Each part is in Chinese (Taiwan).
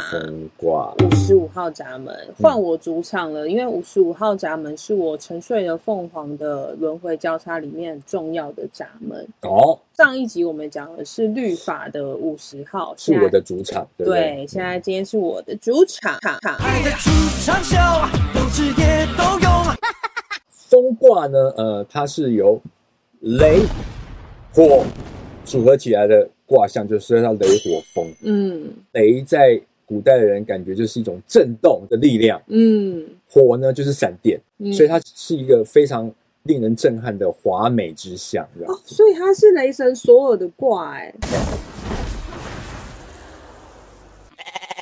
豐卦五十五號閘門換我主場了，嗯、因為五十五號閘門是我沉睡的鳳凰的輪迴交叉裡面很重要的閘門。哦，上一集我們講的是律法的五十號，是我的主場，對不對？現在今天是我的主場，嗯、的主場。場，愛的場，都都 豐卦呢，呃，它是由雷火組合起來的卦象，就是叫雷火豐。嗯，雷在。古代的人感覺就是一種震動的力量，嗯，火呢就是閃電、嗯，所以它是一個非常令人震撼的華美之象，哦、所以它是雷神索爾的卦、欸，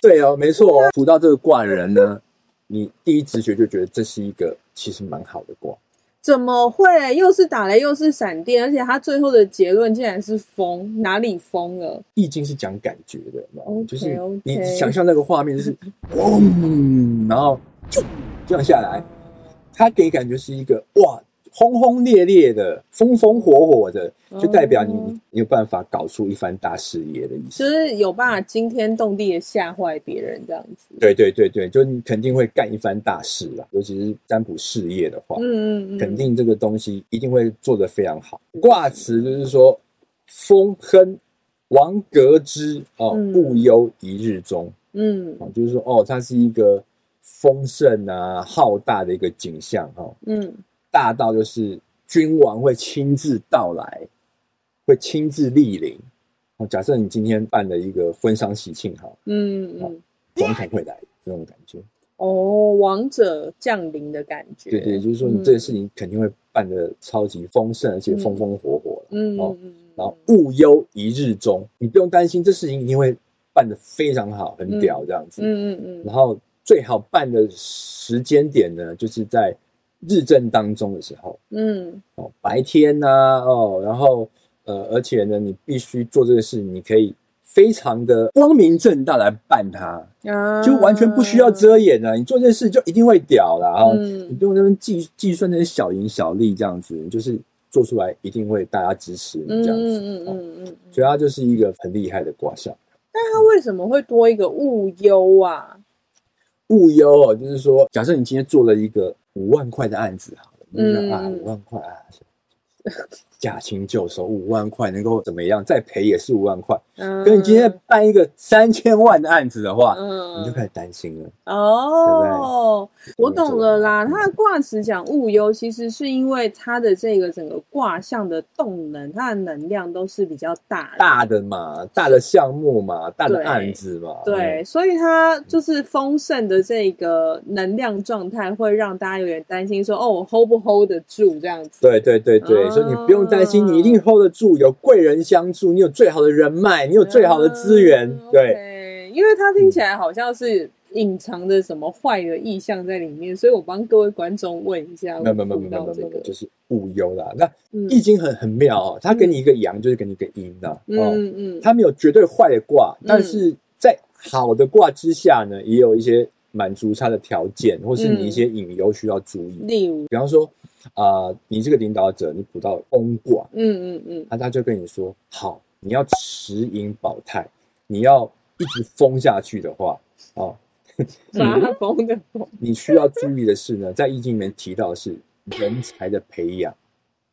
對、啊、錯哦，沒錯，讀到這個卦的人呢，你第一直覺就覺得這是一個其實蠻好的卦。怎麼會又是打雷又是閃電？而且他最後的結論竟然是豐。哪裡豐了？易經是講感覺的 okay, okay. 就是你想象那個畫面，就是、嗯，然後就降下來，啊，他給感覺是一個哇。轟轟烈烈的，風風火火的，就代表你，你有辦法搞出一番大事業的意思，嗯、就是有辦法驚天動地的嚇壞別人這樣子。對對對對，就你肯定會幹一番大事啊，尤其是占卜事業的話，嗯嗯，嗯肯定這個東西一定會做得非常好。卦辭就是說，豐亨，王假之哦，勿憂宜日中，嗯，嗯就是說哦，它是一個豐盛啊、浩大的一個景象哈、哦，嗯。大到就是君王會親自到來，會親自莅臨哦。假設你今天辦了一個婚喪喜慶哈，嗯，嗯總統會來這、嗯、種感覺哦，王者降臨的感覺。對，對對，就是說你這個事情肯定會辦的超級豐盛、嗯，而且風風火火嗯哦嗯，然後勿憂一日中，你不用擔心，這事情一定會辦的非常好，很屌這樣子。嗯嗯嗯。然後最好辦的時間點呢，就是在。日正當中的時候，嗯，哦，白天吶、啊，哦，然後，呃，而且呢，你必須做這個事，你可以非常的光明正大來辦它，啊、就完全不需要遮掩了、嗯。你做這個事就一定會屌了啊！你不用那邊計計算那些小贏小利這樣子，就是做出來一定會大家支持，這樣子。嗯嗯嗯，嗯、哦、所以它就是一個很厲害的卦象。但它為什麼會多一個勿憂啊？勿憂哦，就是說，假設你今天做了一個五萬塊的案子好了，嗯、啊，五萬塊啊。 假情就手五萬塊能夠怎麼樣？再賠也是五萬塊。嗯，跟你今天辦一個三千萬的案子的話，嗯，你就開始擔心了。哦對對，我懂了啦。他 的卦詞講勿憂，其實是因為他的這個整個卦象的動能，它的能量都是比較大的大的嘛，大的項目嘛，大的案子嘛，對，嗯、對所以他就是豐盛的這個能量狀態，會讓大家有點擔心說，說哦我，hold 我不 hold 得住這樣子。對對對對，嗯、所以你不用。擔、呃、心你一定 hold 得住，有貴人相助，你有最好的人脈，你有最好的資源、呃，對。嗯、因為他聽起來好像是隱藏着什麼壞的意向在裡面、嗯，所以我幫各位觀眾問一下，沒有沒有沒有沒有沒有、這個，就是勿憂啦。那易經、嗯、很很妙哦，他給你一個陽，就是給你一個陰的、啊，嗯嗯，他、嗯、沒有絕對壞的卦，但是在好的卦之下呢，也有一些滿足他的條件，或是你一些隱憂需要注意。嗯、例如，比方說。啊、呃，你這個領導者，你補到豐卦，嗯嗯嗯，他、嗯啊、他就跟你說，好，你要持盈保泰，你要一直豐下去的話，哦、呃，豐的豐？嗯、 你需要注意的是呢，在易經裡面提到的是人才的培養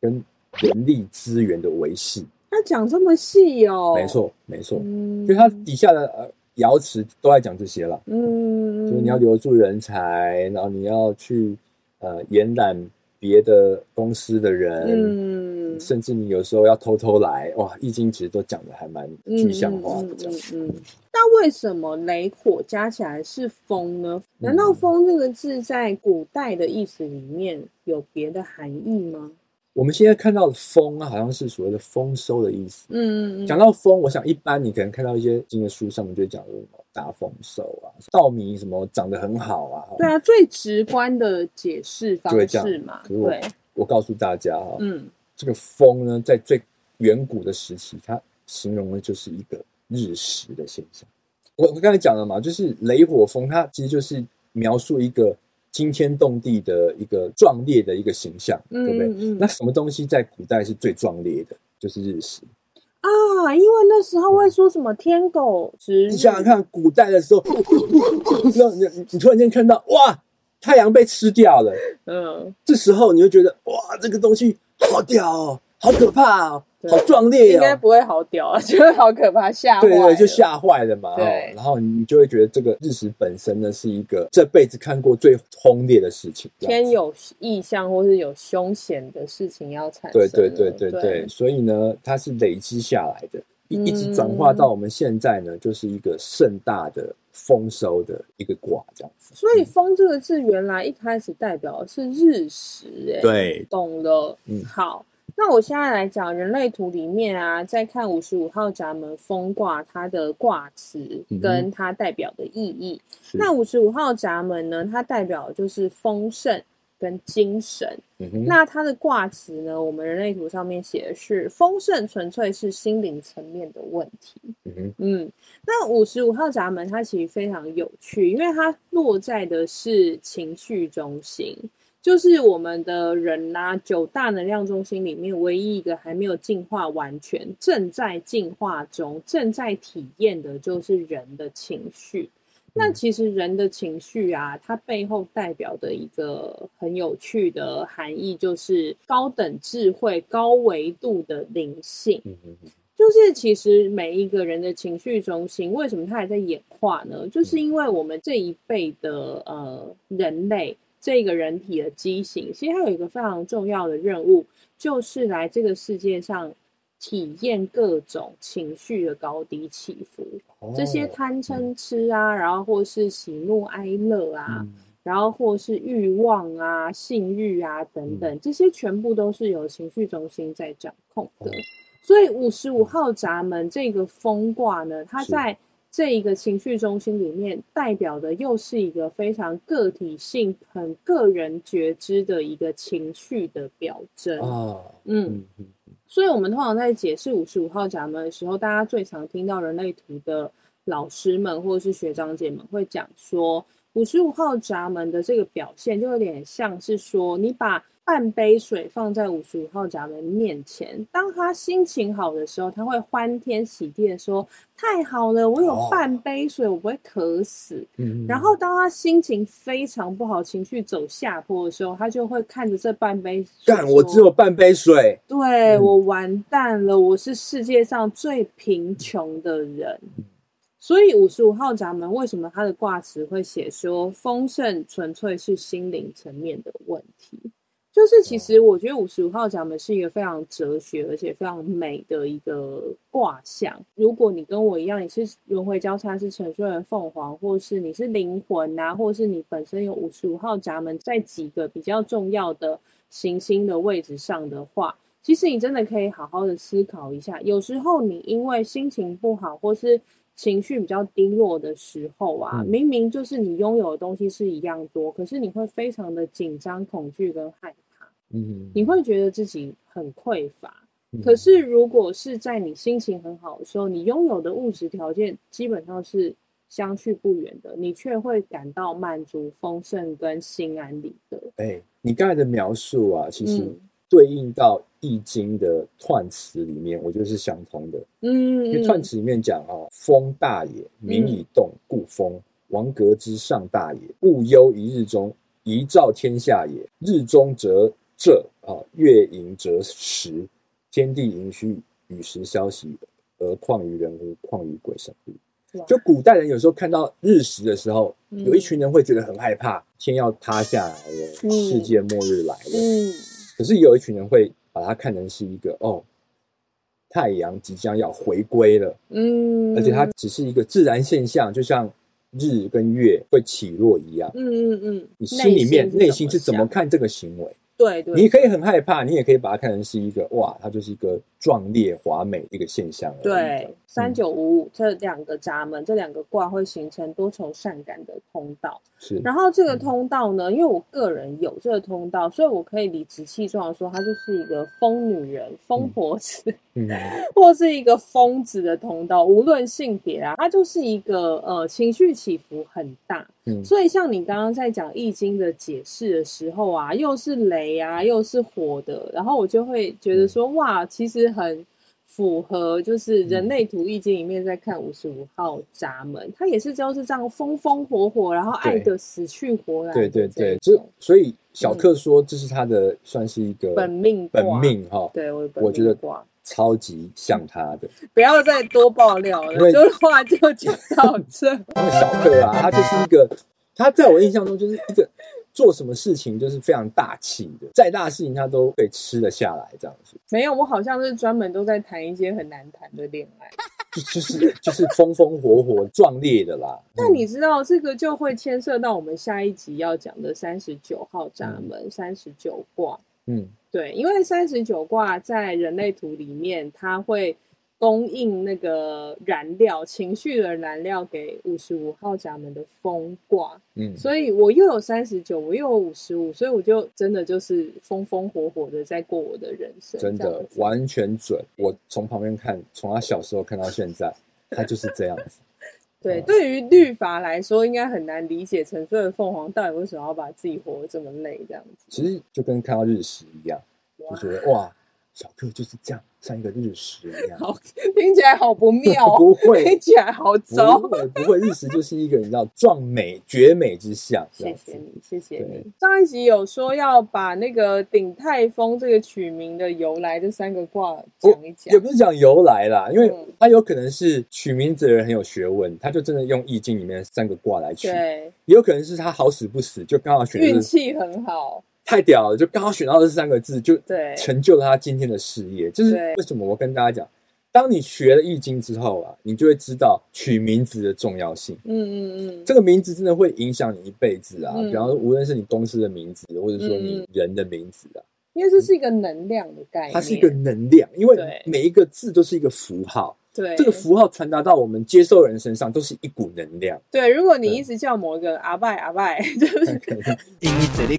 跟人力資源的維繫，他講這麼細哦、喔，沒錯沒錯、嗯，就以他底下的呃爻辭都在講這些了、嗯，嗯，就是你要留住人才，然後你要去呃延攬別的公司的人、嗯，甚至你有時候要偷偷來，哇！易經其實都講的還蠻具象化的，這樣，嗯那、嗯嗯嗯嗯、為什麼雷火加起來是豐呢？難道豐這個字在古代的意思裡面有別的含義嗎？我們現在看到的豐啊，好像是所謂的豐收的意思。嗯，講到豐，我想一般你可能看到一些農業書上面就講的大豐收啊，稻米什麼長得很好啊。對啊，最直觀的解釋方式嘛。可是對，我告訴大家啊，嗯，這個豐呢，在最遠古的時期，它形容的就是一個日食的現象。我我剛才講了嘛，就是雷火豐，它其實就是描述一個。驚天動地的一個壯烈的一個形象，嗯、對不對、嗯？那什麼東西在古代是最壯烈的？就是日食啊！因為那時候會說什麼天狗食日。你想想看，古代的時候， 你，你突然間看到哇，太陽被吃掉了，嗯，這時候你就覺得哇，這個東西好屌哦，好可怕哦。好壯烈呀、啊！應該不會好屌、啊，覺 得好可怕，嚇對，對對，就嚇壞了嘛。對、喔，然後你就會覺得這個日食本身呢，是一個這輩子看過最轟烈的事情。天有異象或是有凶險的事情要產生。對對對對對，對，所以呢，它是累積下來的，一一直轉化到我們現在呢，嗯、就是一個盛大的豐收的一個卦這樣子。所以“豐”這個字原來一開始代表的是日食，哎，對，懂了。嗯，好。那我現在來講人類圖裡面啊，再看五十五號閘門豐卦它的卦辭跟它代表的意義。嗯、那五十五號閘門呢，它代表的就是豐盛跟精神。嗯嗯、那它的卦辭呢，我們人類圖上面寫的是豐盛，純粹是心靈層面的問題。嗯嗯，那五十五號閘門它其實非常有趣，因為它落在的是情緒中心。就是我們的人吶、啊，九大能量中心裡面唯一一個還沒有進化完全，正在進化中，正在體驗的，就是人的情緒。那其實人的情緒啊，它背後代表的一個很有趣的含義，就是高等智慧、高維度的靈性。就是其實每一個人的情緒中心，為什麼它還在演化呢？就是因為我們這一輩的呃人類。這個人體的畸形，其實它有一個非常重要的任務，就是來這個世界上體驗各種情緒的高低起伏，哦。這些貪嗔癡啊，嗯，然後或是喜怒哀樂啊，嗯，然後或是欲望啊，性慾啊等等，嗯，這些全部都是由情緒中心在掌控的。哦，所以五十五號閘門這個豐卦呢，它在。這一個情緒中心裡面代表的又是一個非常個體性、很個人覺知的一個情緒的表徵，啊，嗯， 所以我們通常在解釋五十五號閘門的時候，大家最常聽到人類圖的老師們或是學長姐們會講說，五十五號閘門的這個表現就有點像是說你把。半杯水放在五十五號閘門面前。當他心情好的時候，他會歡天喜地的說：“太好了，我有半杯水，哦、我不會渴死。嗯”然後，當他心情非常不好、情緒走下坡的時候，他就會看着這半杯水。幹，我只有半杯水，對、嗯、我完蛋了，我是世界上最貧窮的人。嗯、所以，五十五號閘門為什麼他的卦辭會寫說“豐盛”純粹是心靈層面的問題？就是其實我覺得五十五號閘門是一個非常哲學而且非常美的一個卦象。如果你跟我一樣，也是輪迴交叉是沉睡的鳳凰，或是你是靈魂啊，或是你本身有五十五號閘門在幾個比較重要的行星的位置上的話，其實你真的可以好好的思考一下。有時候你因為心情不好或是情緒比較低落的時候啊，明明就是你擁有的東西是一樣多，可是你會非常的緊張、恐懼跟害。嗯，你會覺得自己很匱乏。嗯、可是，如果是在你心情很好的時候，你擁有的物質條件基本上是相去不遠的，你卻會感到滿足、豐盛跟心安理得。哎、欸，你剛才的描述啊，其實對應到《易經》的彖詞裡面，我覺得是相同的。嗯，彖、嗯、詞裡面講啊、哦，“豐大也，明以動故豐；嗯、王假之，尚大也，勿憂宜日中，宜照天下也。日中則。”這啊、哦，月盈則食，天地盈虛，與時消息，而況於人乎？況於鬼神乎？就古代人有時候看到日食的時候，有一群人會覺得很害怕，嗯、天要塌下來了、嗯，世界末日來了、嗯。可是有一群人會把它看成是一個哦，太陽即將要回歸了。嗯，而且它只是一個自然現象，就像日跟月會起落一樣。嗯嗯嗯，你心裡面內心，內心是怎麼看這個行為？對對，你可以很害怕，你也可以把它看成是一個，哇，它就是一個壯烈華美的一個現象而已。對。三九五五這兩個閘門，這兩個卦會形成多愁善感的通道。是，然後這個通道呢、嗯，因為我個人有這個通道，所以我可以理直氣壯的說，它就是一個瘋女人、瘋婆子、嗯嗯，或是一個瘋子的通道。無論性別啊，它就是一個呃情緒起伏很大、嗯。所以像你剛剛在講易經的解釋的時候啊，又是雷啊，又是火的，然後我就會覺得說，嗯、哇，其實很。符合，就是《人類圖》易經裡面在看五十五號閘門，嗯，他也是就是這樣風風火火，然後愛的死去活來，對，對對對，就所以小克說這是他的算是一個、嗯、本命本命哈，對，我，我，覺對我，我覺得超級像他的。不要再多爆料了，就話就講到這。 因為小克啊，他就是一個，他在我印象中就是一個。 做什麼事情就是非常大氣的，再大的事情他都被吃得下來這樣子。沒有，我好像是專門都在談一些很難談的戀愛 、就是，就是就是風風火火、壯烈的啦、 嗯。但你知道這個就會牽涉到我們下一集要講的三十九號閘門、三十九卦。嗯，對，因為三十九卦在人類圖裡面，它會，供應那個燃料，情緒的燃料給五十五號閘門的豐卦，嗯，所以我又有三十九，我又有五十五，所以我就真的就是風風火火的在過我的人生，真的完全準。我從旁邊看，從他小時候看到現在，他就是這樣子。 嗯、對，對於律法來說，應該很難理解，沉睡的鳳凰到底為什麼要把自己活得這麼累這樣子。其實就跟看到日食一樣，就覺得哇。哇小克就是這樣，像一個日食一樣，好，聽起來好不妙、哦。 不會，聽起來好糟。不會，不會日食就是一個你知道壯美、 絕美之相。謝謝你，謝謝你。上一集有說要把那個鼎泰豐這個取名的由來，這三個卦講一講，也不是講由來啦，因為他有可能是取名字的人很有學問，嗯、他就真的用《易經》裡面的三個卦來取。對，也有可能是他好死不死，就剛好選運氣很好。太屌了！就剛好選到這三個字，就成就了他今天的事業。就是為什麼我跟大家講，當你學了易經之後啊，你就會知道取名字的重要性。嗯嗯嗯，這個名字真的會影響你一輩子啊。嗯、比方說，無論是你公司的名字，或者說你人的名字啊，因為這是一個能量的概念，它是一個能量，因為每一個字都是一個符號。對，這個符號傳達到我們接受人身上，都是一股能量。對，如果你一直叫某個阿拜阿拜，對不對？頂、就是、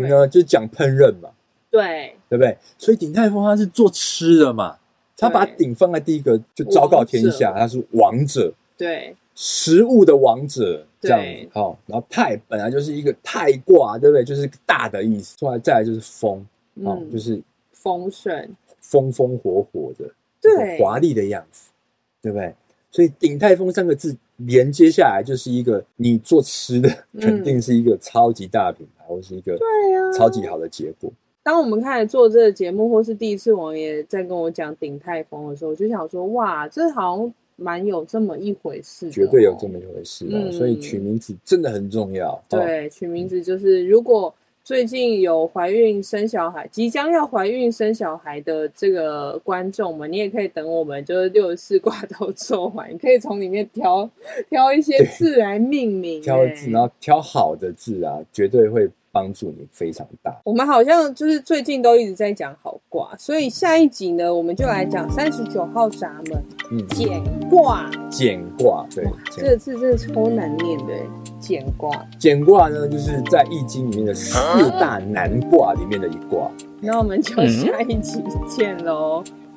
呢，就是講烹飪嘛。對，對不對？所以鼎泰豐他是做吃的嘛。他把鼎放在第一個，就昭告天下，他是王者。對，食物的王者對，這樣。好、哦，然後泰本來就是一個泰卦，對不對？就是大的意思。後來再來就是風。嗯哦、就是豐盛，風風火火的，對，華麗的樣子，對不對？所以“鼎泰豐”三個字連接下來就是一個你做吃的，肯定是一個超級大品牌，或、嗯、是一個對呀，超級好的結果。嗯啊、當我們開始做這個節目，或是第一次王爺在跟我講“鼎泰豐”的時候，我就想說：“哇，這好像蠻有這麼一回事的、哦，絕對有這麼一回事、啊。嗯”所以取名字真的很重要。對，哦、取名字就是如果。最近有懷孕生小孩，即將要懷孕生小孩的這個觀眾們，你也可以等我們，就是六十四卦都做完，你可以從裡面挑挑一些字來命名，欸、挑字，然後挑好的字啊，絕對會。幫助你非常大。我們好像就是最近都一直在講好卦，所以下一集呢，我們就來講三十九號閘門、嗯，蹇卦。蹇卦，對，這個字真的超難念的、嗯。蹇卦，蹇卦呢，就是在《易經》裡面的四大難卦裡面的一卦。那我們就下一集見嘍。嗯嗯。